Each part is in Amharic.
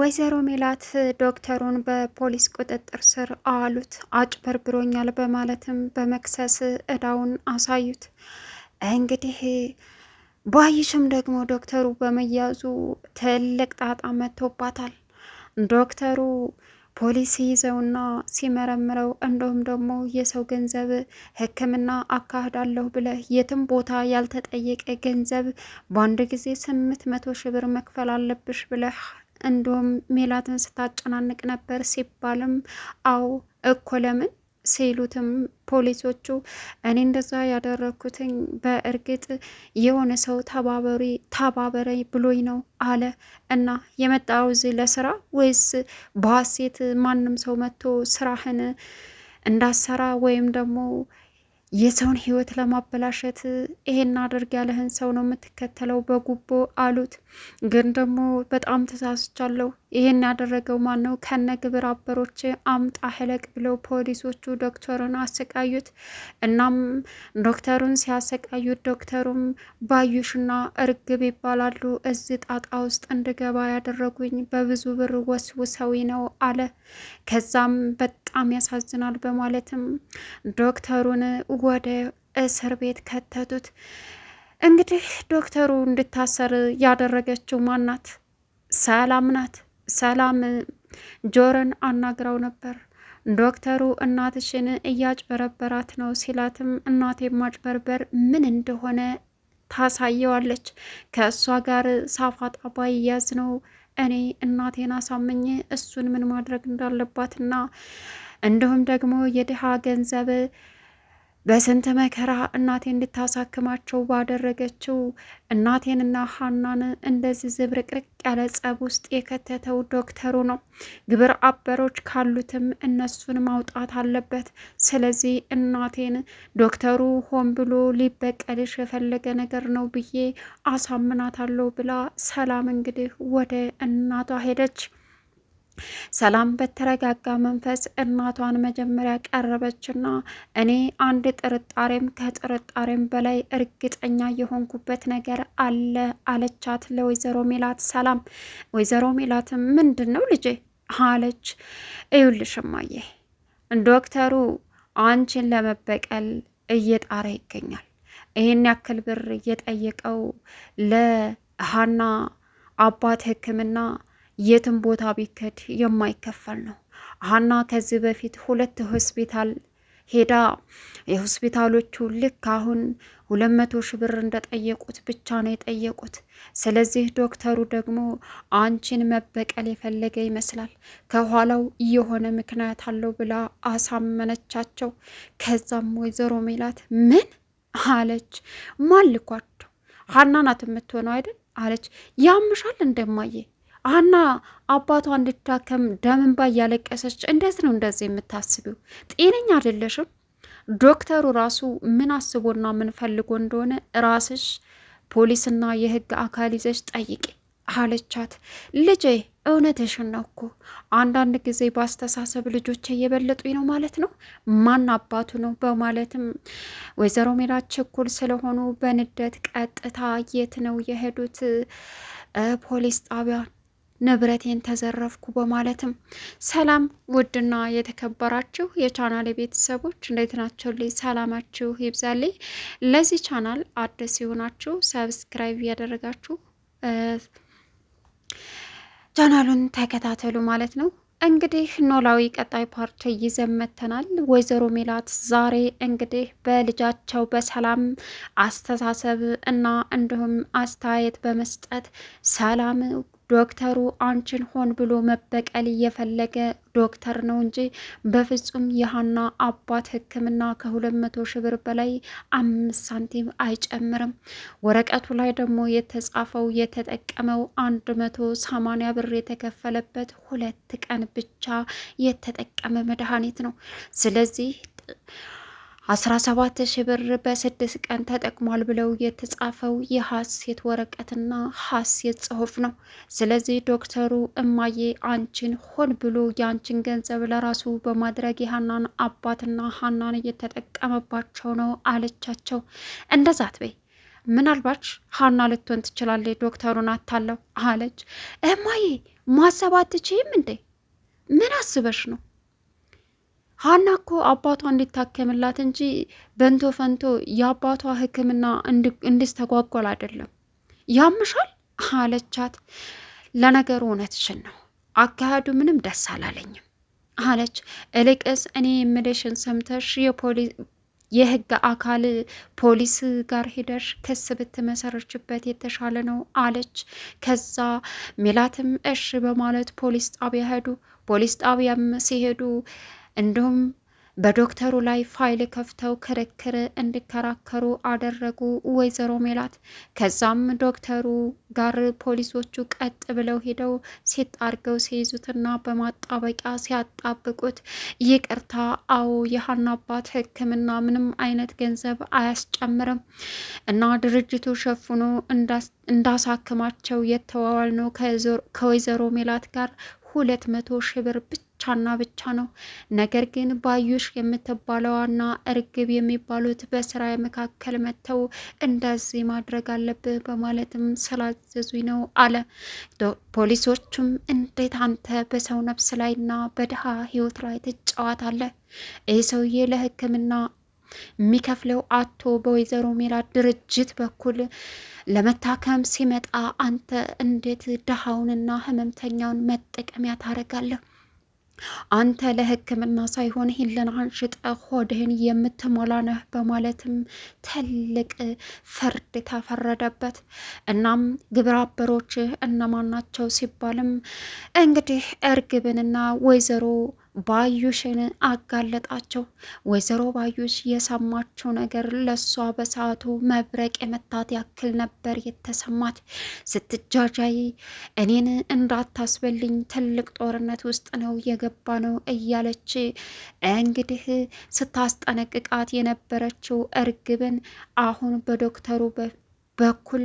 ወይዘሮ ሜላት ዶክተሩን በፖሊስ ቁጥጥር ስር አዋሉት። አጭበርብሮኛል በማለትም በመክሰስ እዳውን አሳዩት። እንግዲህ ባይሽም ደግሞ ዶክተሩ በመያዙ ትልቅ ጣጣ መጥቶባታል። ዶክተሩ ፖሊስ ይዘውና ሲመረምረው እንደውም ደግሞ የሰው ገንዘብ ሕክምና አካሂዳለሁ ብለህ የትም ቦታ ያልተጠየቀ ገንዘብ በአንድ ጊዜ ስምንት መቶ ሺህ ብር መክፈል አለብሽ ብለህ እንዲሁም ሜላትን ስታጨናንቅ ነበር ሲባልም አው እኮ ለምን ሲሉትም ፖሊሶቹ እኔ እንደዛ ያደረግኩትኝ በእርግጥ የሆነ ሰው ተባበሪ ተባበረኝ ብሎኝ ነው አለ እና የመጣው እዚህ ለስራ ወይስ በሀሴት ማንም ሰው መጥቶ ስራህን እንዳሰራ ወይም ደግሞ የሰውን ህይወት ለማበላሸት ይሄን አድርግ ያለህን ሰው ነው የምትከተለው በጉቦ አሉት። ግን ደግሞ በጣም ተሳስቻለሁ ይህን ያደረገው ማን ነው? ከነ ግብር አበሮች አምጣ ህለቅ ብለው ፖሊሶቹ ዶክተሩን አሰቃዩት። እናም ዶክተሩን ሲያሰቃዩት ዶክተሩም ባዩሽና እርግብ ይባላሉ እዚህ ጣጣ ውስጥ እንድገባ ያደረጉኝ በብዙ ብር ወስውሰዊ ነው አለ። ከዛም በጣም ያሳዝናል በማለትም ዶክተሩን ወደ እስር ቤት ከተቱት። እንግዲህ ዶክተሩ እንድታሰር ያደረገችው ማናት? ሰላም ናት። ሰላም ጆሮን አናግረው ነበር። ዶክተሩ እናትሽን እያጭበረበራት ነው ሲላትም እናቴ ማጭበርበር ምን እንደሆነ ታሳየዋለች። ከእሷ ጋር ሳፋጣባ እያዝ ነው እኔ እናቴን አሳምኜ እሱን ምን ማድረግ እንዳለባትና እንዲሁም ደግሞ የድሃ ገንዘብ በስንት መከራ እናቴን እንድታሳክማቸው ባደረገችው እናቴንና ሀናን እንደዚህ ዝብርቅርቅ ያለ ጸብ ውስጥ የከተተው ዶክተሩ ነው። ግብረ አበሮች ካሉትም እነሱን ማውጣት አለበት። ስለዚህ እናቴን ዶክተሩ ሆን ብሎ ሊበቀልሽ የፈለገ ነገር ነው ብዬ አሳምናታለሁ ብላ ሰላም እንግዲህ ወደ እናቷ ሄደች። ሰላም በተረጋጋ መንፈስ እናቷን መጀመሪያ ቀረበችና እኔ አንድ ጥርጣሬም ከጥርጣሬም በላይ እርግጠኛ የሆንኩበት ነገር አለ አለቻት ለወይዘሮ ሜላት ሰላም። ወይዘሮ ሜላትም ምንድን ነው ልጄ አለች። እዩልሽማዬ ዶክተሩ አንቺን ለመበቀል እየጣረ ይገኛል። ይህን ያክል ብር እየጠየቀው ለሀና አባት ሕክምና የትም ቦታ ቢከድ የማይከፈል ነው። ሀና ከዚህ በፊት ሁለት ሆስፒታል ሄዳ የሆስፒታሎቹ ልክ አሁን ሁለት መቶ ሺህ ብር እንደጠየቁት ብቻ ነው የጠየቁት። ስለዚህ ዶክተሩ ደግሞ አንቺን መበቀል የፈለገ ይመስላል፣ ከኋላው የሆነ ምክንያት አለው ብላ አሳመነቻቸው። ከዛም ወይዘሮ ሜላት ምን አለች? ማን ልኳቸው? ሀና ናት የምትሆነው አይደል አለች። ያምሻል እንደማየ አና አባቷ እንድታከም ደምንባ እያለቀሰች እንዴት ነው እንደዚህ የምታስቢው? ጤነኛ አይደለሽም። ዶክተሩ ራሱ ምን አስቦና ምን ፈልጎ እንደሆነ ራስሽ ፖሊስና የህግ አካል ይዘሽ ጠይቂ አለቻት። ልጄ እውነትሽን ነው እኮ አንዳንድ ጊዜ በአስተሳሰብ ልጆች እየበለጡኝ ነው ማለት ነው። ማን አባቱ ነው በማለትም ወይዘሮ ሜላት ችኩል ስለሆኑ በንደት ቀጥታ የት ነው የሄዱት ፖሊስ ጣቢያ ንብረቴን ተዘረፍኩ በማለትም ሰላም ውድና የተከበራችሁ የቻናል ቤተሰቦች እንዴት ናቸው? ልይ ሰላማችሁ ይብዛልኝ። ለዚህ ቻናል አዲስ የሆናችሁ ሰብስክራይብ ያደረጋችሁ ቻናሉን ተከታተሉ ማለት ነው። እንግዲህ ኖላዊ ቀጣይ ፓርት ይዘመተናል። ወይዘሮ ሜላት ዛሬ እንግዲህ በልጃቸው በሰላም አስተሳሰብ እና እንዲሁም አስተያየት በመስጠት ሰላም ዶክተሩ አንቺን ሆን ብሎ መበቀል እየፈለገ ዶክተር ነው እንጂ በፍጹም የሀና አባት ሕክምና ከሁለት መቶ ሺህ ብር በላይ አምስት ሳንቲም አይጨምርም። ወረቀቱ ላይ ደግሞ የተጻፈው የተጠቀመው አንድ መቶ ሰማንያ ብር የተከፈለበት ሁለት ቀን ብቻ የተጠቀመ መድኃኒት ነው። ስለዚህ 17,000 ብር በስድስት ቀን ተጠቅሟል ብለው የተጻፈው የሐሴት ወረቀትና ሐሴት ጽሑፍ ነው። ስለዚህ ዶክተሩ እማዬ አንቺን ሆን ብሎ የአንቺን ገንዘብ ለራሱ በማድረግ የሀናን አባትና ሀናን እየተጠቀመባቸው ነው አለቻቸው። እንደዛት አትበይ፣ ምናልባች ሀና ልትሆን ትችላለች፣ ዶክተሩን አታለው አለች። እማዬ ማሰብ አትችይም እንዴ? ምን አስበሽ ነው ሀና እኮ አባቷ እንዲታከምላት እንጂ በንቶ ፈንቶ የአባቷ ሕክምና እንዲስተጓጎል አይደለም። ያምሻል አለቻት። ለነገሩ እውነትሽን ነው፣ አካሄዱ ምንም ደስ አላለኝም አለች። እልቅስ እኔ የምልሽን ሰምተሽ የህግ አካል ፖሊስ ጋር ሂደሽ ክስ ብትመሰርችበት የተሻለ ነው አለች። ከዛ ሜላትም እሽ በማለት ፖሊስ ጣቢያ ሄዱ። ፖሊስ ጣቢያም ሲሄዱ እንዲሁም በዶክተሩ ላይ ፋይል ከፍተው ክርክር እንዲከራከሩ አደረጉ ወይዘሮ ሜላት። ከዛም ዶክተሩ ጋር ፖሊሶቹ ቀጥ ብለው ሄደው ሲጣርገው ሲይዙትና በማጣበቂያ ሲያጣብቁት፣ ይቅርታ አዎ የሀና አባት ሕክምና ምንም አይነት ገንዘብ አያስጨምርም እና ድርጅቱ ሸፍኖ እንዳሳክማቸው የተዋዋል ነው ከወይዘሮ ሜላት ጋር ሁለት መቶ ሺህ ብር ብቻ ብቻና ብቻ ነው። ነገር ግን ባዩሽ የምትባለዋና እርግብ የሚባሉት በስራ መካከል መጥተው እንደዚህ ማድረግ አለብህ በማለትም ስላዘዙኝ ነው አለ። ፖሊሶቹም እንዴት አንተ በሰው ነፍስ ላይና በድሃ ህይወት ላይ ትጫወታለህ? ይህ ሰውዬ ለህክምና የሚከፍለው አቶ በወይዘሮ ሜላ ድርጅት በኩል ለመታከም ሲመጣ አንተ እንዴት ድሃውንና ህመምተኛውን መጠቀሚያ ታደርጋለህ? አንተ ለሕክምና ሳይሆን ይህንን አንሽጠ ሆድህን የምትሞላ ነህ በማለትም ትልቅ ፍርድ ተፈረደበት። እናም ግብረ አበሮችህ እነማን ናቸው ሲባልም እንግዲህ እርግብንና ወይዘሮ ባዩሽን አጋለጣቸው። ወይዘሮ ባዩሽ የሰማችው ነገር ለሷ በሰዓቱ መብረቅ የመታት ያክል ነበር የተሰማት። ስትጃጃይ እኔን እንዳታስበልኝ ትልቅ ጦርነት ውስጥ ነው የገባ ነው እያለች እንግዲህ ስታስጠነቅቃት የነበረችው እርግብን አሁን በዶክተሩ በኩል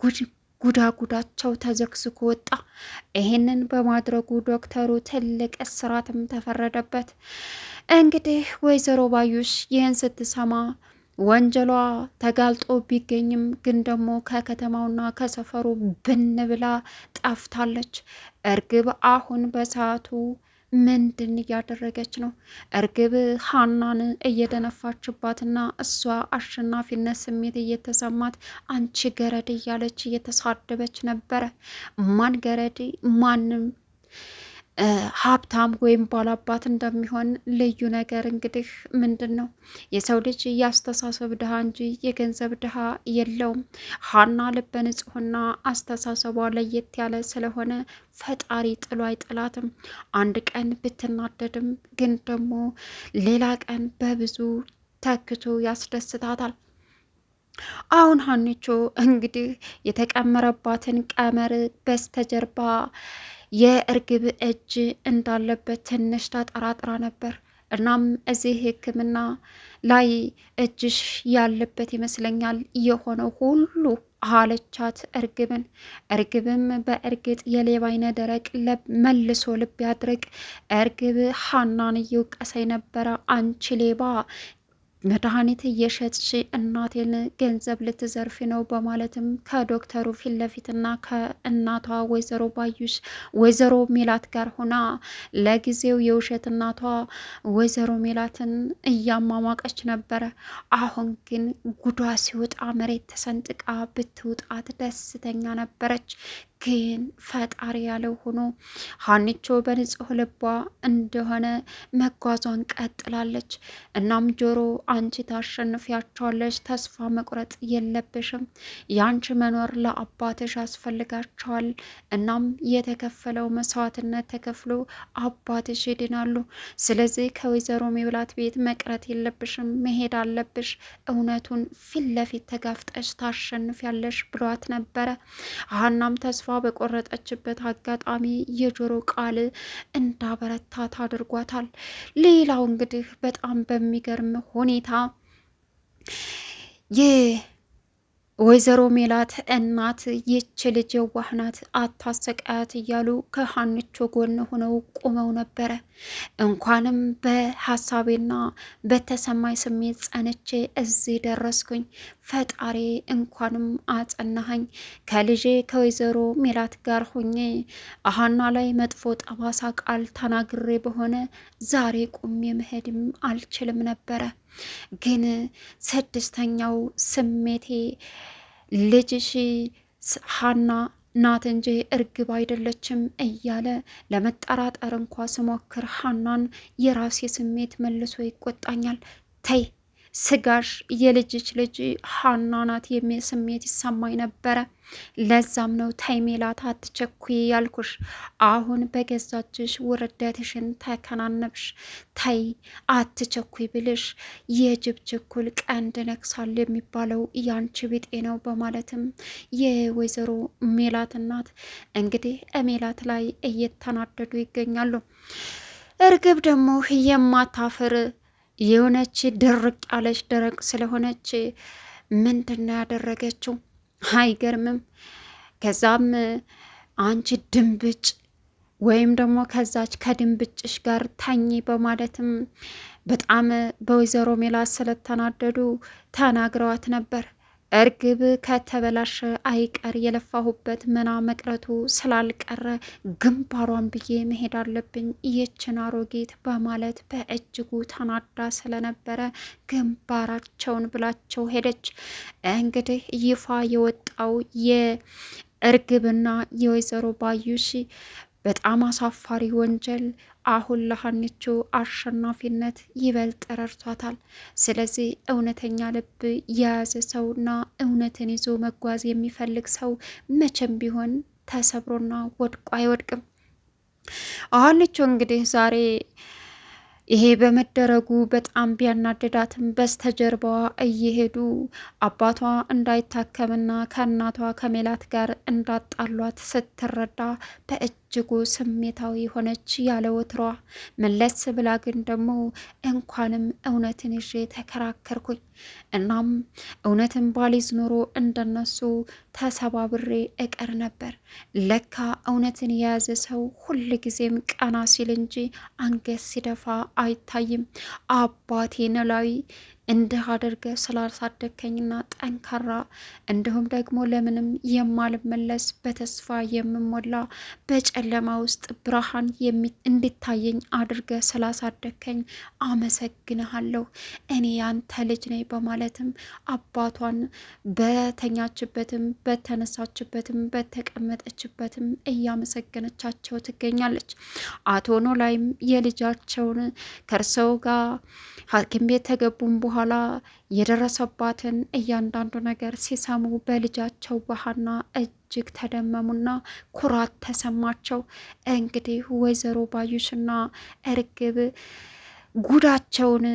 ጉድ ጉዳጉዳቸው ተዘግዝጎ ወጣ። ይህንን በማድረጉ ዶክተሩ ትልቅ እስራትም ተፈረደበት። እንግዲህ ወይዘሮ ባዩሽ ይህን ስትሰማ ወንጀሏ ተጋልጦ ቢገኝም ግን ደግሞ ከከተማውና ከሰፈሩ ብን ብላ ጠፍታለች። እርግብ አሁን በሰዓቱ ምንድን እያደረገች ነው? እርግብ ሀናን እየደነፋችባትና እሷ አሸናፊነት ስሜት እየተሰማት አንቺ ገረድ እያለች እየተሳደበች ነበረ። ማን ገረድ ማንም ሀብታም ወይም ባላባት እንደሚሆን ልዩ ነገር እንግዲህ ምንድን ነው የሰው ልጅ የአስተሳሰብ ድሃ እንጂ የገንዘብ ድሃ የለውም። ሀና ልበ ንጹሕና አስተሳሰቧ ለየት ያለ ስለሆነ ፈጣሪ ጥሎ አይጥላትም። አንድ ቀን ብትናደድም ግን ደግሞ ሌላ ቀን በብዙ ተክቶ ያስደስታታል። አሁን ሀኒቾ እንግዲህ የተቀመረባትን ቀመር በስተጀርባ የእርግብ እጅ እንዳለበት ትንሽ ተጠራጥራ ነበር። እናም እዚህ ሕክምና ላይ እጅሽ ያለበት ይመስለኛል የሆነው ሁሉ አለቻት እርግብን። እርግብም በእርግጥ የሌባ አይነ ደረቅ መልሶ ልብ ያድርግ። እርግብ ሀናን እየውቀሰኝ ነበረ። አንቺ ሌባ መድኃኒት እየሸጥሽ እናቴን ገንዘብ ልትዘርፊ ነው በማለትም ከዶክተሩ ፊት ለፊትና ከእናቷ ወይዘሮ ባዩሽ ወይዘሮ ሜላት ጋር ሆና ለጊዜው የውሸት እናቷ ወይዘሮ ሜላትን እያማማቀች ነበረ። አሁን ግን ጉዷ ሲወጣ መሬት ተሰንጥቃ ብትውጣት ደስተኛ ነበረች። ግን ፈጣሪ ያለው ሆኖ ሀኒቾ በንጹህ ልቧ እንደሆነ መጓዟን ቀጥላለች። እናም ጆሮ አንቺ ታሸንፊያቸዋለች፣ ተስፋ መቁረጥ የለብሽም። የአንቺ መኖር ለአባትሽ ያስፈልጋቸዋል። እናም የተከፈለው መስዋዕትነት ተከፍሎ አባትሽ ይድናሉ። ስለዚህ ከወይዘሮ ሜላት ቤት መቅረት የለብሽም፣ መሄድ አለብሽ። እውነቱን ፊት ለፊት ተጋፍጠሽ ታሸንፊያለሽ ብሏት ነበረ። ሀናም ተስፋ በቆረጠችበት አጋጣሚ የጆሮ ቃል እንዳበረታት አድርጓታል። ሌላው እንግዲህ በጣም በሚገርም ሁኔታ ወይዘሮ ሜላት እናት ይች ልጅ የዋህ ናት አታሰቃያት እያሉ ከሀንቾ ጎን ሆነው ቁመው ነበረ። እንኳንም በሀሳቤና በተሰማኝ ስሜት ጸንቼ እዚህ ደረስኩኝ፣ ፈጣሪ እንኳንም አጸናሃኝ። ከልጄ ከወይዘሮ ሜላት ጋር ሆኜ አሀና ላይ መጥፎ ጠባሳ ቃል ተናግሬ በሆነ ዛሬ ቁሜ መሄድም አልችልም ነበረ ግን ስድስተኛው ስሜቴ ልጅሽ ሀና ናት እንጂ እርግብ አይደለችም እያለ ለመጠራጠር እንኳ ስሞክር ሀናን የራሴ ስሜት መልሶ ይቆጣኛል። ተይ ስጋሽ የልጅች ልጅ ሀና ናት የሚል ስሜት ይሰማኝ ነበረ። ለዛም ነው ታይሜላት ሜላት አትቸኩይ ያልኩሽ። አሁን በገዛችሽ ውርደትሽን ተከናነብሽ። ታይ አትቸኩይ ብልሽ የጅብ ችኩል ቀንድ ነክሳል የሚባለው ያንቺ ቢጤ ነው በማለትም የወይዘሮ ሜላት እናት እንግዲህ ሜላት ላይ እየተናደዱ ይገኛሉ። እርግብ ደግሞ የማታፍር የሆነች ድርቅ ያለች ደረቅ ስለሆነች ምንድና ያደረገችው አይገርምም። ከዛም አንቺ ድንብጭ ወይም ደግሞ ከዛች ከድንብጭሽ ጋር ተኝ በማለትም በጣም በወይዘሮ ሜላት ስለተናደዱ ተናግረዋት ነበር። እርግብ ከተበላሸ አይቀር የለፋሁበት መና መቅረቱ ስላልቀረ ግንባሯን ብዬ መሄድ አለብኝ ይችን አሮጌት በማለት በእጅጉ ተናዳ ስለነበረ ግንባራቸውን ብላቸው ሄደች። እንግዲህ ይፋ የወጣው የእርግብና የወይዘሮ ባዩሽ በጣም አሳፋሪ ወንጀል አሁን ለሀኒቾ አሸናፊነት ይበልጥ ረድቷታል። ስለዚህ እውነተኛ ልብ የያዘ ሰውና እውነትን ይዞ መጓዝ የሚፈልግ ሰው መቼም ቢሆን ተሰብሮና ወድቆ አይወድቅም። ሀኒቾ እንግዲህ ዛሬ ይሄ በመደረጉ በጣም ቢያናደዳትም በስተጀርባዋ እየሄዱ አባቷ እንዳይታከምና ከእናቷ ከሜላት ጋር እንዳጣሏት ስትረዳ በእጅ በእጅጉ ስሜታዊ ሆነች ያለ ወትሯ። መለስ ብላ ግን ደግሞ እንኳንም እውነትን ይዤ ተከራከርኩኝ፣ እናም እውነትን ባሊዝ ኖሮ እንደነሱ ተሰባብሬ እቀር ነበር። ለካ እውነትን የያዘ ሰው ሁል ጊዜም ቀና ሲል እንጂ አንገት ሲደፋ አይታይም። አባቴ ኖላዊ እንዲህ አድርገህ ስላሳደግከኝና ጠንካራ እንዲሁም ደግሞ ለምንም የማልመለስ በተስፋ የምሞላ በጨለማ ውስጥ ብርሃን እንድታየኝ አድርገህ ስላሳደግከኝ አመሰግንሃለሁ። እኔ ያንተ ልጅ ነኝ በማለትም አባቷን በተኛችበትም በተነሳችበትም በተቀመጠችበትም እያመሰገነቻቸው ትገኛለች። አቶ ኖላዊም የልጃቸውን ከእርሰው ጋር ሐኪም ቤት በኋላ የደረሰባትን እያንዳንዱ ነገር ሲሰሙ በልጃቸው ውሃና እጅግ ተደመሙና ኩራት ተሰማቸው። እንግዲህ ወይዘሮ ባዩሽና እርግብ ጉዳቸውን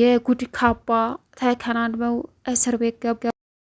የጉድ ካባ ተከናንበው እስር ቤት ገብ